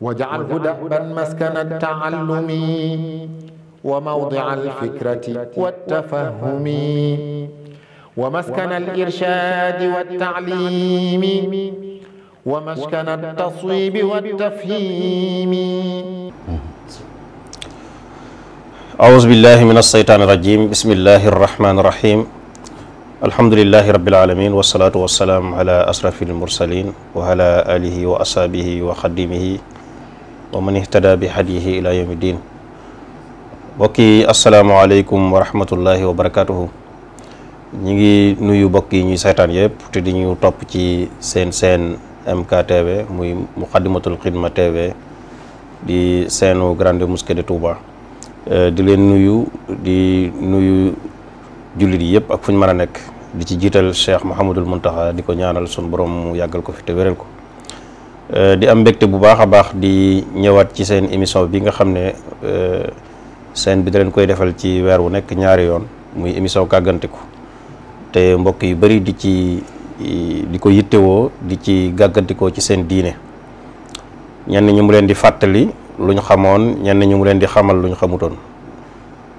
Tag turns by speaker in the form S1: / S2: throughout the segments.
S1: واجعله دأبا مسكن التعلم وموضع الفكرة والتفهم ومسكن الإرشاد والتعليم ومسكن التصويب والتفهيم
S2: أعوذ بالله من الشيطان الرجيم بسم الله الرحمن الرحيم الحمد لله رب العالمين والصلاة والسلام على أشرف المرسلين وعلى آله وأصحابه وخدمه wa man ihtada bi hadihi ila yawmi din mbokk yi asalaamaaleykum wa rahmatullahi wa ñi ngi nuyu mbokk yi ñuy seetaan yëpp te di ñu topp ci seen seen MKTV muy Muqaddimatul Xidma TV di seenu Grande Mosquée de eh, di leen nuyu di nuyu jullit yi yëpp ak fu ñu mën a nekk di ci jiital Cheikh Mouhamadul Muntaxa di ko ñaanal sun borom mu yàggal ko fi te wéral ko Euh, di am mbégte bu baax a baax di ñëwaat ci seen émission bi nga xam ne euh, seen bi da leen koy defal ci weer wu nekk ñaari yoon muy émission gàggantiku te mbokk yu bari di ci di ko yittewoo di ci gàggantikoo ci seen diine ñenn ñu mu leen di fàttali lu ñu xamoon ñenn ñu mu leen di xamal lu ñu xamutoon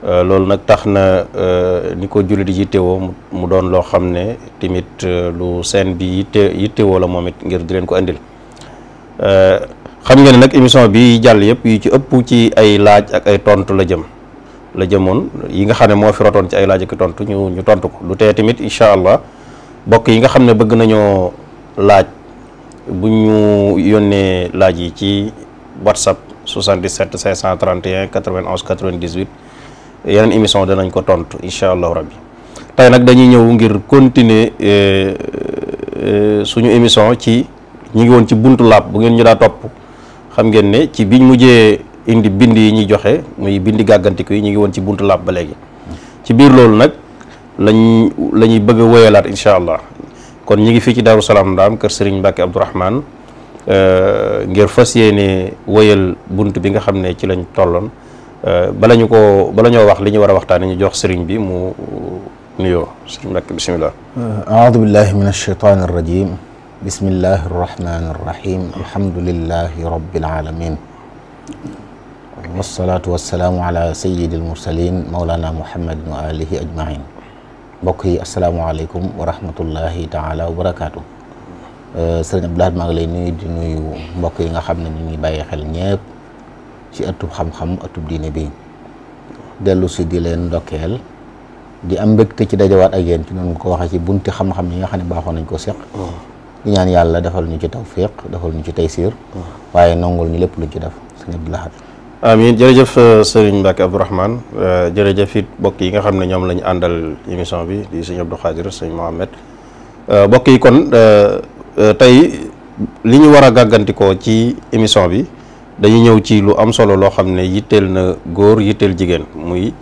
S2: euh, loolu nag tax na ni ko jullit di yittewoo mu doon loo xam ne tamit lu seen bi yitte yittewoo la moom it ngir di leen ko indil Euh, xam nga ne nag émission bi jàll yëpp yi ci ëpp ci ay laaj ak ay tontu la jëm la jëmoon yi nga xam ne moo fi rotoon ci ay laaj ak tontu ñu ñu tontu ko lu tee tamit incha allah bokk yi nga xam ne bëgg nañoo laaj bu ñu yónnee laaj yi ci whatsapp 77 531 91 98 yeneen émission danañ ko tontu incha allahu rabbi tey nag dañuy ñëw ngir continuer euh, euh, suñu émission ci. ñu ngi woon ci buntu làpp bu ngeen ñu daa topp xam ngeen ne ci biñ mujjee indi bind yi ñuy joxe muy bind gàggantiku yi ñu ngi woon ci buntu laab ba léegi ci biir loolu nag lañ la bëgg a woyalaat incha allah kon ñu ngi fii ci Daaru Salaam Ndaam kër Serigne Mbacke Abdourahmane euh, ngir fas yéene woyal bunt bi nga xam ne ci lañ tolloon euh, bala ñu ko bala ñoo wax li ñu war a waxtaane ñu jox Serigne bi mu nuyoo Serigne Mbacke bisimilah.
S1: Euh, aoudu billahi min alcheytan bismillahi irrahmani irrahim alhamdulilahi rabilalamin wasalaatu wasalaamu ala sayidi almursalin maolana muhammadin wa alihi ajmain mbokk yi asalaamualeykum wa rahmatullahi taala wa barakaatu eh, sëriñ Abdoulaye maa ngi lay nuyu di nuyu mbokk yi nga xam ne ñu ngi bàyyi xel ñëpp ci ëttub xam-xam ëttub diine bi dellu si di leen ndokkeel di am mbégte ci dajawaat ak yéen ci noonu nga ko waxee ci bunti xam-xam yi nga xam ne baaxoon nañ ko seq di ñaan yàlla defal ñu ci tawfiq defal ñu ci taysiir waaye nangul ñu lépp luñ ci def sëñ
S2: jërëjëf euh, sëriñ Mbacke Abdourahmane euh, jërëjëf it mbokk yi nga xam ne ñoom la àndal émission bi di sëñ Abdou Khadir sëñ euh, mbokk yi kon tey li ñu war a gàggantikoo ci émission bi dañu ñëw ci lu am solo loo xam ne yitteel na góor yitteel jigéen muy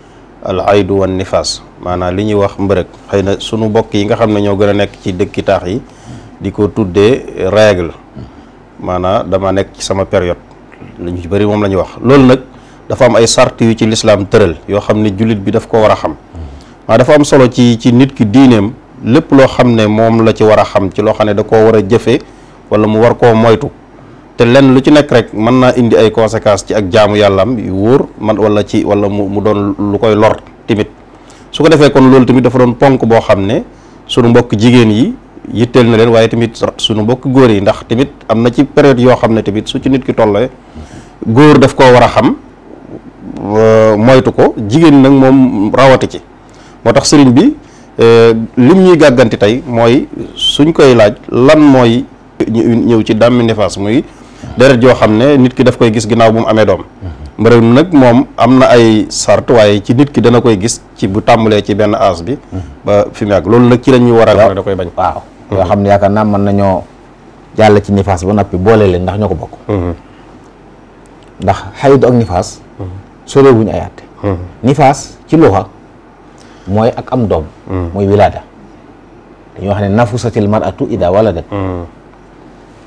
S2: al aydu wan nifaas maanaam li ñuy wax mbërëg xëy na sunu mbokk yi nga xam ne ñoo gën a nekk ci dëkki taax yi di ko tuddee règle maanaam dama nekk ci sama période lu ñu ci bëri moom la ñuy wax loolu nag dafa am ay sart yu ci lislaam tëral yoo xam ne jullit bi daf ko war a xam maa dafa am solo ci ci nit ki diineem lépp loo xam ne moom la ci war a xam ci loo xam ne da koo war a jëfe wala mu war koo moytu te lenn lu ci nekk rek mën naa indi ay conséquences ci ak jaamu yàllaam yu wóor man wala ci wala mu mu doon lu koy lor tamit su ko defee kon loolu tamit dafa doon ponk boo xam ne sunu mbokk jigéen yi yitteel na leen waaye tamit suñu mbokk góor yi ndax tamit am na ci période yoo xam ne tamit su ci nit ki tollee góor daf koo war a xam euh, moytu ko jigéen nag moom rawatu ci moo tax sëriñ bi euh, lim ñuy gàgganti tey mooy suñ koy laaj lan mooy ñëw ci dàmmi nifaas muy deret yoo xam ne nit ki daf koy gis ginnaaw bu mu amee doom mbërëw nag moom am na ay sart waaye ci nit ki dana koy gis ci bu tàmbalee ci benn âge bi ba fi mu loolu nag ci la ñuy war a da koy bañ waaw
S1: yoo xam ne yaakaar naa mën nañoo jàll ci nifaas ba noppi boole leen ndax ñoo ko bokk mhm. ndax xaydu ak nifaas mhm. sorewuñu ay àtte mhm. nifaas ci luxa mooy ak am doom mooy wilaada dañuy wax ne nafusatil mar'atu ida waladat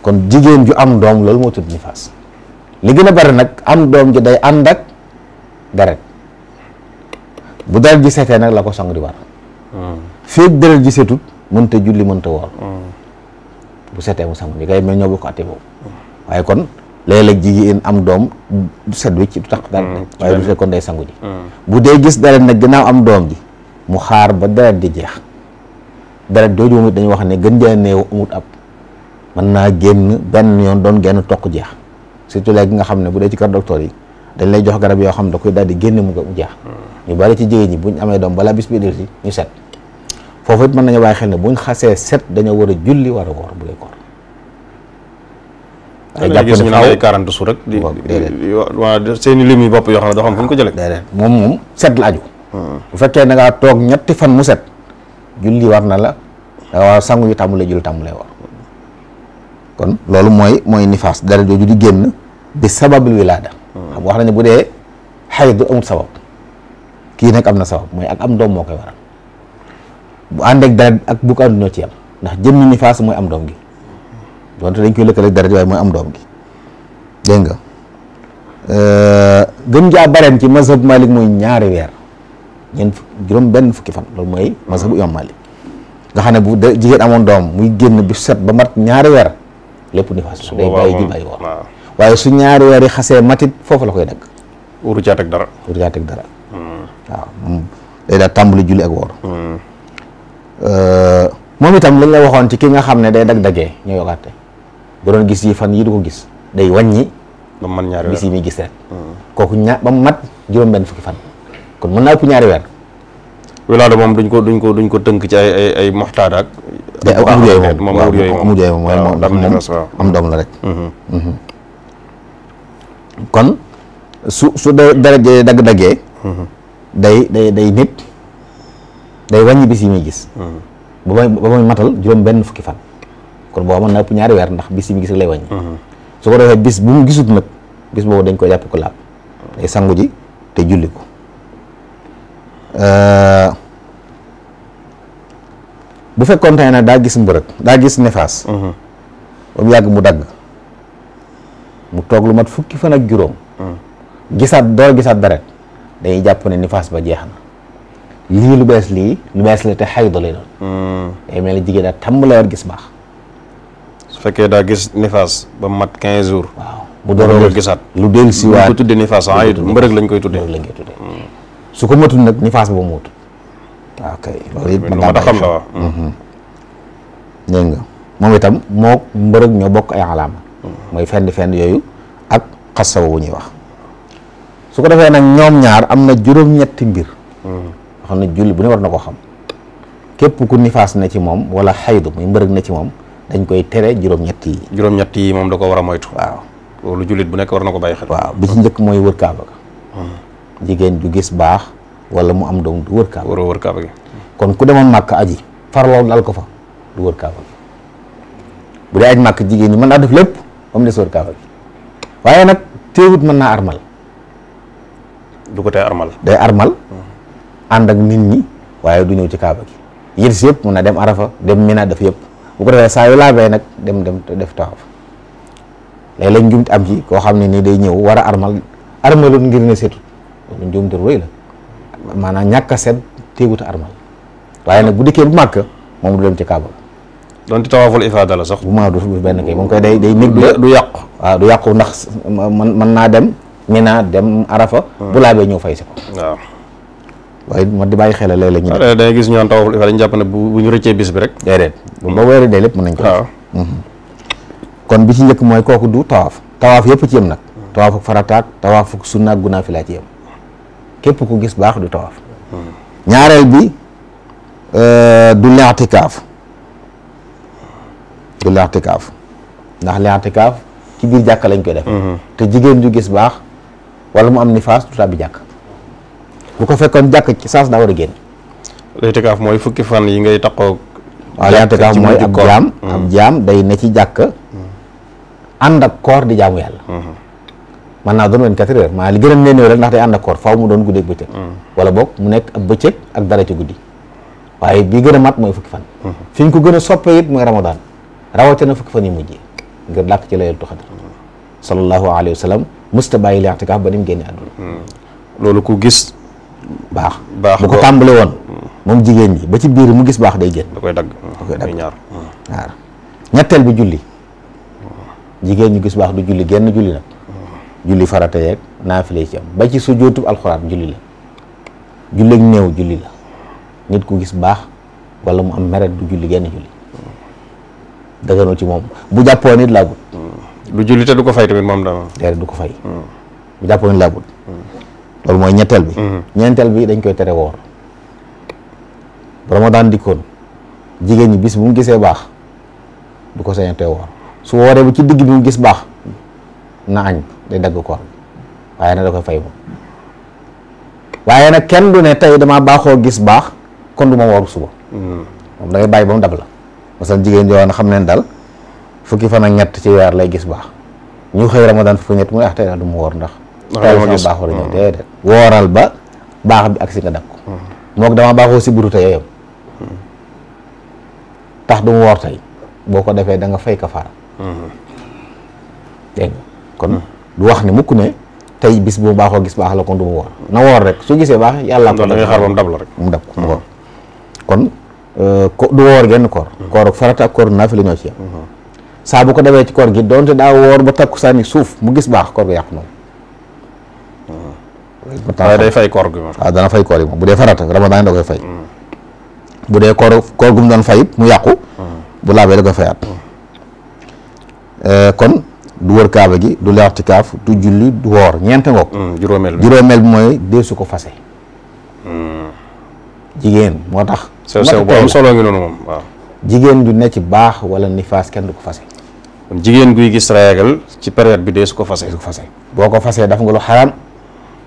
S1: kon jigéen ju am doom loolu moo tudd nifaas li gën a bari nag am doom ju day ànd ak deret bu deret ji seetee nag la ko sang di war féeg deret ji seetut mënta julli mënta woor mm. bu setee mu sangu ñu koy mais ñoo bokk ati boobu waaye kon léeg-léeg jigéen am doom set wi mm. ci du tax dara waaye du fekkoon day sangu ji mm. bu dee gis dara nag ginnaaw am doom ji mu xaar ba deret di jeex deret jooju moom it dañuy wax ne gën jaa néew amut ab mën naa génn benn yoon doon genn toq jeex surtout léegi nga xam ne bu dee ci kër docteur yi dañ lay jox garab yoo xam da koy daal di génn mu jeex ñu bari ci jigéen ñi buñ amee doom balaa bis bi ñu set foofu it mën nañu bàyyi xel ne buñ xasee set dañoo war a julli war a woor bu dee koor. ay jàpp ne faaw ay
S2: 40 seen i yi bopp yoo xam ne doo xam fu ko jëlee. déedéet
S1: moom moom set la aju. Hmm. bu fekkee da toog ñetti fan mu set. julli war na la waaw sangu yu tàmbalee julli tàmbalee war kon loolu mooy mooy nifaas dara jooju di génn bi sababul wilaada. Hmm. xam wax nañu bu dee xayd amul sabab kii nag am na sabab mooy ak am doom moo koy waral. bu ànd ak deret ak bu am àndul ñoo ci yam ndax jëmmi nifaas mooy am doom gi donte dañ koy lëkkale ak deret am doom gi dégg nga euh, gëm jaa bareem ci mazhab Malik mooy ñaari weer ñeent juróom fukki fan mooy mazhabu imam Malik nga xam ne bu de jigéen amoon doom muy génn bi set ba mat ñaari weer lépp nifaas waaye su ñaari weer yi xasee matit foofu la koy dagg wuru caa teg dara wuru caa teg dara hmm. day daal tàmbali julli ak woor hmm. moom itam lañ la waxoon ci ki nga xam ne day dag-dagee ñoo yokkaate bu doon gis yi fan yi du ko gis day wàññi ba mu mat ñaari weer muy gis hmm. kooku ña ba mu mat juróom benn fukki fan kon mën naa
S2: wilaada moom duñ ko duñ ko duñ ko tënk ci ay ay ay moxtaar ak amul yooyu moom amul yooyu moom amul
S1: am doom la rek hmm. Hmm. kon su su darajee dagg-daggee day day day nit day wàññi bis yi muy gis hmm. ba may ba may matal juróom benn fukki fan kon boo amoon na ëpp ñaari weer ndax bis yi muy gis rek lay wàññi hmm. su ko defee bis bu mu gisut nag bis boobu dañ koy jàpp ko laab day sangu ji te julli ko euh, bu fekkoon tey daa gis mbërëg daa gis nefaas hmm. ba mu yàgg mu dagg mu toog lu mat fukki fan ak juróom gisaat door gisaat dara dañuy jàpp ni nifaas ba jeex lii lu bees lii lu bees la te xayda lay doon. Hmm. day mel ni jigéen daal tàmm la war gis baax. su fekkee daa gis nifaas ba mu mat 15 jours. waaw mu doon
S2: gisaat lu dellu si waat ko lañ koy tuddee. mbërëg lañ hmm.
S1: su ko matul nag nifaas boobu mu wut. waaw ah, kay loolu it ma xam hmm. mhm. moom itam moo mbërëg ñoo bokk ay alaama. mooy fenn fenn yooyu ak xasaw bu ñuy wax. su ko defee nag ñoom ñaar am na juróom-ñetti mbir. xam ne julli bu ne war na ko xam képp ku nifaas na ci moom wala xaydu muy mbërëg na ci moom dañ koy tere juróom-ñett yi
S2: juróom-ñett yi moom da ko war a moytu waaw loolu jullit bu nekk war na ko bàyyi xel waaw
S1: bi ci njëkk mooy wër kaaba ga hmm. jigéen ju gis baax wala mu am doom du wër kaaba waroo wër kaaba kon ku demoon màkk aji farlool dal ko fa du wër kaaba gi bu dee aj màkk jigéen ñi mën naa def lépp ba mu des wër kaaba gi waaye nag téewut mën naa armal du ko tee ànd ak nit ñi waaye du ñëw ci kaaba gi yërs yëpp mun na dem arafa dem mina def yëpp bu ko defee saa yu laabee nag dem dem def tawaaf léeg-léeg njumti am ci koo xam ne nii day ñëw war a armal armalul ngir ne seetut loolu njumte rëy maanaam ñàkk set teewut nag bu dikkee bu màkk moom du ci kaaba doon ci tawaaful ifaada la sax ma du benn kay koy day day nég du yàqu du yàqu ndax man mën naa dem mina dem arafa hmm. bu laabee ñëw fay si ko waaye man di bàyyi xel léeg-léeg ñu
S2: ne day gis ñu naan tawaful ifaada dañu bu ñu rëccee bis bi rek déedéet ba weeri
S1: dee lépp mën nañ ko mhm. kon bi ci njëkk mooy kooku du tawaaf tawaaf yëpp ci yem nag tawaaf ak farataak tawaaf ak sunna ak gunaa fi laa ci yem képp ku gis baax du tawaaf
S2: hmm.
S1: ñaareel bi euh, du leextikaaf du leextikaaf ndax leextikaaf ci biir jàkka lañ koy def hmm. te jigéen ju gis baax wala mu am nifaas du tàbbi jàkk bu ko fekkoon jàkk ci saas daa war a génn.
S2: itikaaf mooy fukki fan yi ngay taxaw. waaw itikaaf mooy hmm.
S1: ab jaam day ne ci jàkk ànd ak koor di jaamu yàlla. Hmm. man naa doon 24 heures maa li gën a néew rek ndax ànd ak koor faaw mu doon guddeeg bëccëg. Hmm. wala boog mu nekk ab bëccëg ak dara ci guddi. waaye bi gën a mat mooy fukki fan. fi ñu ko gën a soppee it mooy ramadaan rawatina fukki fan yi mujjee ngir dàkk ci la xadr. sallallahu alayhi wa sallam musta bàyyi li ba ni mu génne àdduna. gis. baax baax bu ko tàmbale woon hmm. moom jigéen ji ba ci biir mu gis baax day génn da koy dagg koy dagg ñaar hmm. bi julli hmm. jigéen ñu gis baax du julli genn julli nag julli farata yeeg naafile yi ci am ba ci sujjóotub alxuraan julli la julleeg néew julli la nit ku gis baax wala mu am meret du julli genn ci moom bu jàppoo nit laagut du te du ko fay tamit moom dama déedéet du ko fay bu jàppoo nit laagut loolu mooy ñetteel bi mm-hmm. ñeenteel bi dañ koy tere woor ramadan dikkoon jigéen ñi bis bu mu gisee baax du ko sañatee woor su wooree bi ci digg bi mu gis baax na añ day dagg koor waaye nag da koy fay moom waaye kenn du ne tey dama baaxoo gis baax kon du ma woor suba mm-hmm. moom da ngay bàyyi ba mu dab la masal jigéen na xam ne daal fukki fan ak ñett ci weer lay gis baax ñu xëy ramadan fukki ñett mu ne ah tey daal du ma woor ndax tey sama baaxoo la ñëw mm-hmm. déedéet wooral ba baax bi ak si nga dab ko hmm. moog dama baaxoo si buru tey yow hmm. tax du woor tey boo ko defee danga fay kafaara hmm. dégg nga kon du wax ne mukk ne tey bis bu mu baaxoo gis baax la kon du mu woor na woor rek su gisee baax yàlla ko da ngay xaar ba mu dab la rek mu dab ko kon euh, ko du woor genn koor koor ak farata ak koor naafila ñoo ci yam saa bu ko defee ci koor gi donte daa woor ba takku sànni suuf mu gis baax koor ga yàqu noonu waaye day fay koor gi moom. waaw ah, dana fay koor yi moom bu dee farata ramadan da koy fay. Hmm. bu dee koor koor gu mu doon fay mu yàqu. Hmm. bu laabee da koy fayaat. Hmm. Eh, kon du wër kaaba gi du leer ci kaaf du julli du woor ñeent ngoog. juróomeel bi mooy dee su ko fase. jigéen moo tax. sew sew bu am solo ngi baax wala nifaas kenn ko fase. kon jigéen guy gis raayagal ci période bi dee su ko fase. su boo ko fasee daf nga lu xaraam.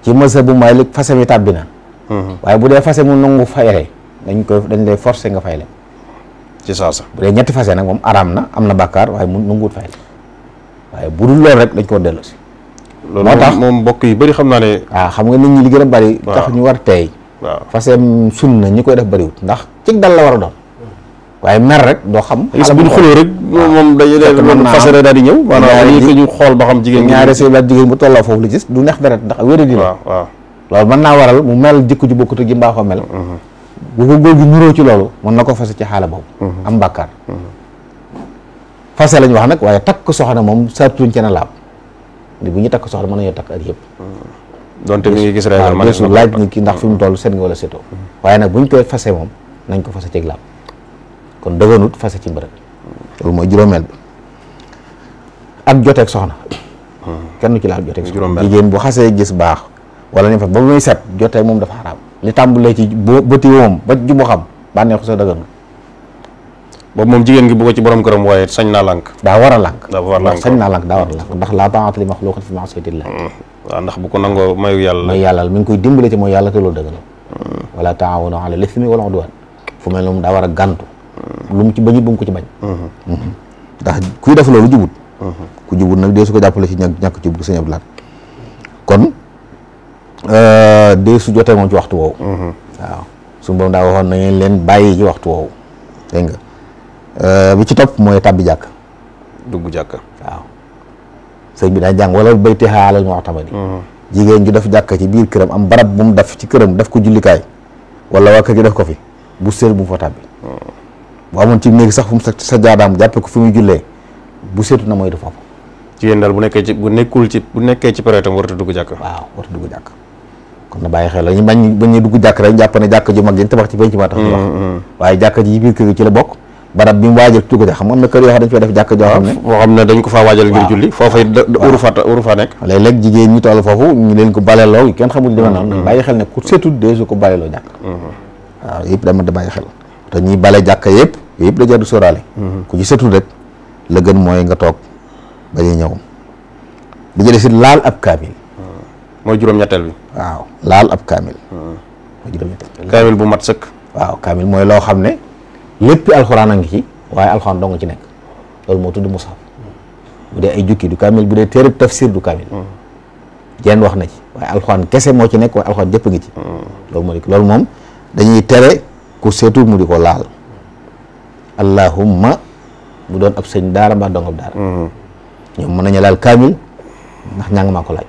S1: ci mësa bu Malik fase mi tàbbi na mhm. waaye bu dee fase mu nangu fayre dañ koy dañ lay forcé nga fay leen ci saasa bu dee ñetti fase nag moom araam na am na bàkkaar waaye mu nanguwut fay leen waaye bu dul loolu rek dañ koo dellusi si moo tax moom mbokk yi bëri xam naa ne waaw xam nga nit ñi li gën a bëri tax ñu war teey waaw faseem na ñi koy def bëriwut ndax cig dal la war a doon waaye mer rek doo xam. xale bu ñu xuloo rek
S2: moom dañuy daal fasare daal ñu
S1: xool ba xam jigéen ñaari sëy baat jigéen bu tolloo gis du neex deret ndax wéra di la waaw loolu mën naa waral mu mel jikko ju bokkut ak ji mbaaxoo mel mm-hmm. bu ko góor gi nuróo ci loolu mën na ko fase ci xaala boobu mm-hmm. am bàkkaar mm-hmm. fase lañ wax nag waaye takk soxna moom sartuñ ci na laab di bu ñu takk soxna mën nañoo takk at yëpp donte mi ngi gis rek laaj ni ndax fi mu toll seet nga wala setoo waaye nag buñ koy fase moom nañ ko fase ci laab kon dëgënut fase ci bërëb loolu mooy juróomeel bi ak joteeg soxna hmm. kenn ci laal joteeg soxna jigéen bu xasee gis baax wala ni fa ba muy set joteeg moom dafa xaraam li tàmbulee ci bëti moom ba ju boo xam bànneexu sa dëgënut boobu moom jigéen gi bu ci borom këram waaye sañ naa lànk daa war a lànk daa war a lànk sañ naa lànk daa war a lànk hmm. ndax laa taa'ata li maxluuqin ndax bu ko nangoo mayu yàlla mayu yàlla mi ngi koy dimbale ci mooy yàlla te loolu dëgg la hmm. wala ta'aawanu alal daa war a gàntu lu mu ci bañit bu ko ci bañ mhm. Mhm. ndax kuy def loolu jubut mhm. ku jubut nag dee su ko jàppale ci ñàkk ñàkk jub sëñ Abdou Lahad kon euh, dee su jotee moom ci waxtu woowu waaw daa waxoon na leen bàyyi ci waxtu woowu dégg nga euh, bi ci topp mooy tàbbi jàkk dugg jàkk waaw sëñ bi daa jàng wala bay texaalal ma wax tamit jigéen ju def jàkk ci biir këram am barab bu mu def ci këram def ko jullikaay wala waa kër gi def ko fi bu sër bu mu fa tàbbi bu amoon ci néeg sax fu mu sa sa jaadaam jàppe ko fu muy jullee bu seetu na mooy du foofu
S2: jigéen daal bu nekkee ci bu nekkul ci bu nekkee ci période am warut a dugg jàkk waaw warut a dugg jàkk
S1: kon na bàyyi xel la ñu bañ bañ ñu dugg jàkk rek jàpp ne jàkk ji mag dañ tabax ci penc ma tax ñu wax mm-hmm, mm-hmm. waaye jàkk ji biir kër gi ci la bokk barab bi mu waajal ci dugg xam nga am na kër yoo xam dañ fa def jàkk joo xam ne boo xam ne dañ ko faa waajal ngir julli foofa uru fa uru faa nekk léeg-léeg jigéen ñu toll foofu ñu leen ko baleloo kenn xamul dima noonu mm-hmm. bàyyi xel ne ku seetul dee su ko baleloo jàkk waaw yëpp dama da bàyyi xel te ñuy bale jàkk yëpp yooyu yëpp da jar du sóoraale ku ci sëtul rek la gën mooy nga toog ba a ñëw di jële si laal ab kaamil mooy juróom-ñetteel bi laal ab kaamil bu mat sëkk waaw kaamil mooy loo xam ne lépp alxuraan a ngi ci waaye alxuraan dong ci nekk loolu moo tudd mushaf bu dee ay jukki du kaamil bu dee téere tafsir du kaamil jenn wax na ci waaye alxuraan kese moo ci nekk waaye alxuraan jëpp ngi ci hmm. loolu moo loolu moom dañuy tere ku seetu mu di ko laal allahumma bu doon ab sëñ daara mbaa dongab daara mm-hmm. ñoom mën nañu laal kaamil ndax ñàng ko laaj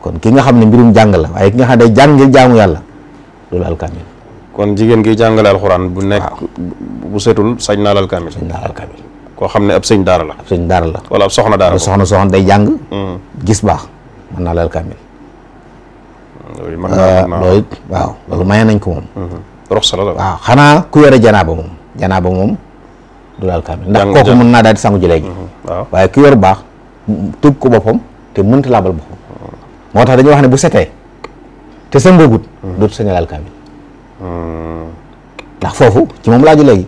S1: kon ki nga xam ne mbirum jàng la waaye ki nga xam ne
S2: kon jigéen gi jàngale alxuraan bu bu setul sañ naa laal sañ
S1: koo xam ne ab sëñ daara la ab sëñ daara la wala ab soxna daara soxna soxna day jàng mm-hmm. gis baax mën naa laal kaamil loolu ah, waaw nañ ko moom mm-hmm. rox sala la waaw xanaa ku yore janaaba moom janaaba moom du laal kaamil ndax kooku mun naa daal di sangu ji léegi mhm, waaye ki yor baax tub ko boppam te mënta laabal boppam moo tax dañuy wax ne bu setee te sangoogut mhm. dootu sañ a laal mhm. ci moom laaju léegi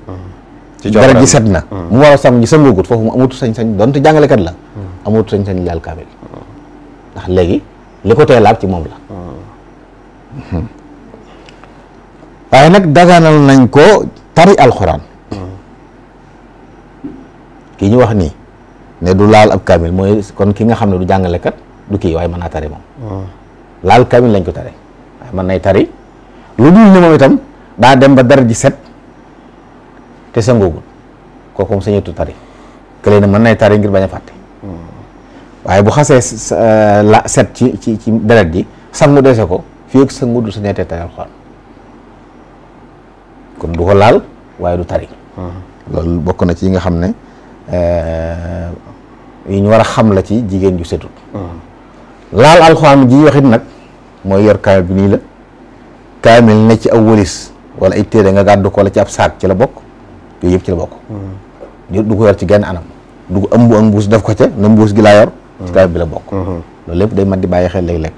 S1: dara ji na mu war a sangu foofu mu amatu sañ-sañ donte jàngalekat la amatu sañ-sañ laal kaamil ndax léegi li ko tee laab ci moom la waaye nag daganal nañ ko tari alxuraan. kii ñu wax nii ne du laal ab kaamil mooy kon ki nga xam ne du jàngalekat du kii waaye mën naa tari moom. laal kaamil lañ ko tare mën nay tari lu dul ni itam daa dem ba dara ji set te sangoogul kooku moom sañatu tari kële ne mën nay tari ngir bañ a fàtte. waaye bu xasee la set ci ci ci deret ji sangu dese ko fii ak sangu dul sañatee tari alxuraan. kon du ko laal waaye du tari loolu bokk na ci yi nga xam ne yi euh, ñu war a xam la ci jigéen ju setut laal alxuraan ji waxit nag mooy yor kaamil bi nii la kaamil ne ci aw wëlis wala ay téere nga gàddu ko wala ci ab saak ci la bokk yooyu yëpp ci la bokk du ko yor ci genn anam du ko ëmb ak def ko ca na mbuus gi laa yor ci kaamil bi la bokk loolu yëpp day man di bàyyi xel léeg-léeg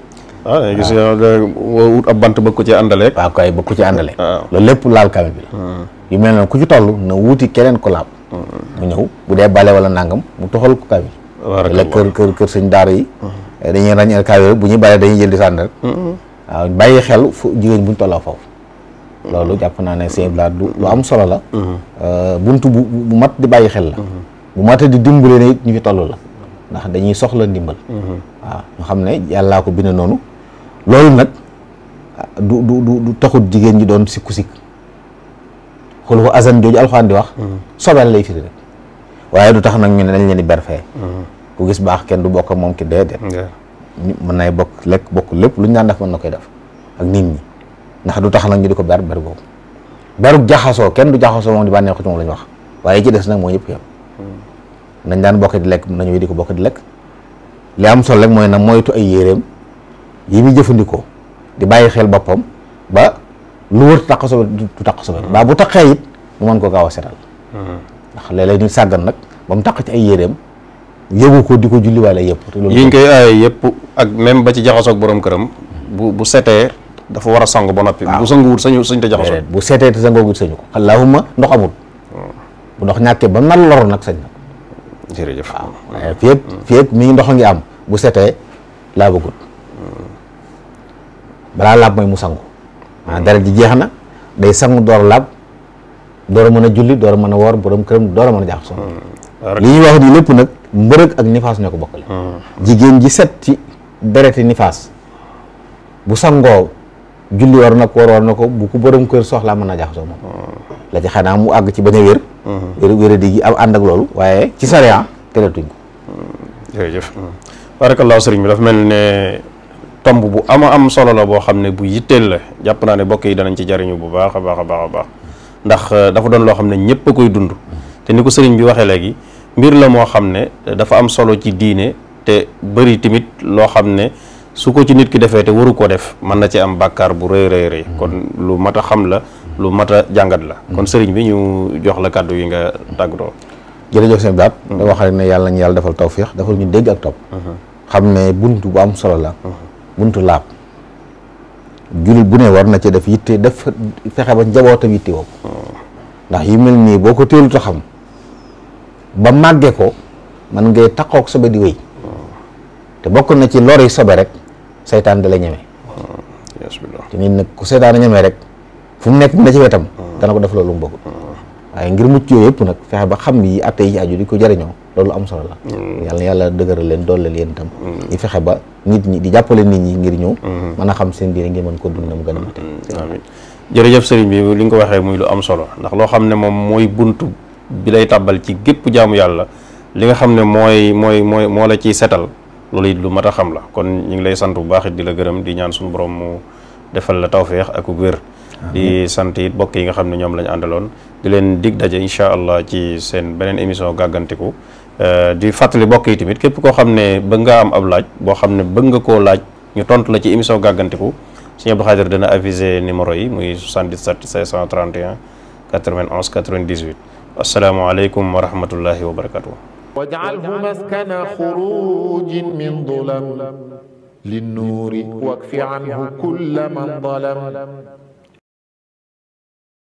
S2: waaw ah, da ngay gis bant bëgg ko ci àndale. waaw kay ci àndale. Ah. loolu lépp laal kawe bi la. Hmm.
S1: yu mel noonu ku ci toll na wuti keneen ku laab. Hmm. mu ñëw bu dee bale wala nangam mu toxal ko kawe
S2: bi. la kër
S1: kër kër sëñ daara yi. Hmm. dañuy ràññeel kawe bu ñuy balee dañuy jël di sànni rek. waaw bàyyi xel fu jigéen bu ñu tolloo foofu. loolu jàpp naa ne sëñ Blaat du lu am solo la. Euh, buntu bu mat di bàyyi xel la. bu mat di dimbale ne ñu fi toll la. ndax dañuy soxla ndimbal. waaw ñu xam ne yàllaa ko bind noonu. loolu nag du du du taxut jigéen ji doon sikku sikk xool ko azan jooju alxuraan di wax. Mm-hmm. sobeel lay firi rek. waaye du tax nag ñu ne dañ leen di berfee. Mm-hmm. ku gis baax kenn du bokk ak moom ki déedéet. mën nay bokk lekk bokk lépp lu ñu daan def na koy def ak nit ñi ndax du tax nag ñu di ko ber ber boobu. beruk jaxasoo kenn du jaxasoo moom di bànneexu ci moom la wax waaye ci des nag moo ñëpp yam mm-hmm. nañ daan bokk di lekk mën nañu di ko bokk di lekk li am solo rek mooy nag moytu ay yéreem. yi muy jëfandikoo di bàyyi xel boppam ba lu wër taq sobe du taq sobe baa bu taqee it mu mën ko gaaw a setal ndax léeg-léeg sàggan nag ba mu taq ci ay yéreem yëgu ko di ko julliwaale yëpp te loolu yiñ koy
S2: aaye yëpp ak même ba ci jaxasoog boroom këram bu bu setee dafa war a sangu ba noppi bu sanguwut sañu sañ te jaxasoo
S1: bu seetee te sangoowut sañu ko allahumma ndox amul hmm. bu ndox ñàkkee ba man loru nag sañ na ko jërëjëf waaw fépp fépp mi ngi ndox a ngi am bu setee laa balaa laab mooy mu sangu maanaam deret ji jeex na day sangu door laab door a mën a julli door a mën a woor borom këram door a mën a jàpp hmm. li ñuy lépp nag mbërëg hmm. jigéen ji set ci dereti nifaas bu sangoo julli na ko war war na mën a jaaxasoo moom hmm. la ci xanaa mu àgg ci bañ a wér wér gi am ànd ak loolu waaye ci sariya teratuñ ko jërëjëf sëriñ bi dafa mel
S2: ne tomb bu ama am solo la boo xam ne bu yitteel la jàpp naa ne bokk yi danañ ci jariñu bu baax a baax a baax ndax euh, dafa doon loo xam ne ñëpp koy dund te ni ko sëriñ bi waxee léegi mbir la moo xam ne dafa am solo ci diine te bëri tamit loo xam ne su ko ci nit ki defee te waru ko def mën na ci am bàkkaar bu rëy rëy kon lu mat a xam la lu mat a jàngat la kon sëriñ bi ñu jox la kàddu yi nga tàggatoo
S1: jërëjëf seen daat da wax ne yàlla nañu yàlla defal tawféex defal ñu dégg ak topp mm-hmm. xam ne bunt bu am solo la mm-hmm. buntu laab jullit bu ne war na ci def yitte def fexe ba njabootam yitte woo ndax yu mel nii boo ko teelut a xam ba màggee ko man ngay takkook sobe di wéy te bokk na ci lori sobe rek seytaan da la ñeme te nit nag ku seytaan a ñemee rek fu mu nekk na ci wetam dana ko def loolu mu bokkut waaye ngir mucc yooyu yëpp nag fexe ba xam yi atte yi aju di ko jariñoo loolu am solo la. Mm. yàlla yàlla dëgëral leen dooleel yéen tam ñu mm. fexe ba nit ñi di jàppale nit ñi ngir ñëw. Mm-hmm. mën a xam seen biir ngir mën ko dundam gën a mate. Mm-hmm. amiin
S2: jërëjëf sëriñ bi li nga ko waxee muy lu am solo ndax loo xam ne moom mooy buntu bi lay tàbbal ci gépp jaamu yàlla li nga xam ne mooy mooy mooy moo la ciy setal loolu it lu mat a xam la kon ñu ngi lay sant bu baax it di la gërëm di ñaan suñu borom mu defal la tawféex ak wér. di sant it bokk yi nga xam ne ñoom lañu àndaloon di leen dig daje incha allah ci seen beneen émission gàggantiku Euh, di fàttali mbokk yi tamit képp koo xam ne bëgg nga am ab laaj boo xam ne bëgg nga koo laaj ñu tontu la ci émission gàggantiku Sëñ Abdou Khadre dana aviser numéro yi muy 77 531 91 98 asalaamaaleykum wa rahmatullahi
S1: wa barakatuh waj'alhu maskana xurujin min dulam linnuuri wakfi anhu kulla man dalam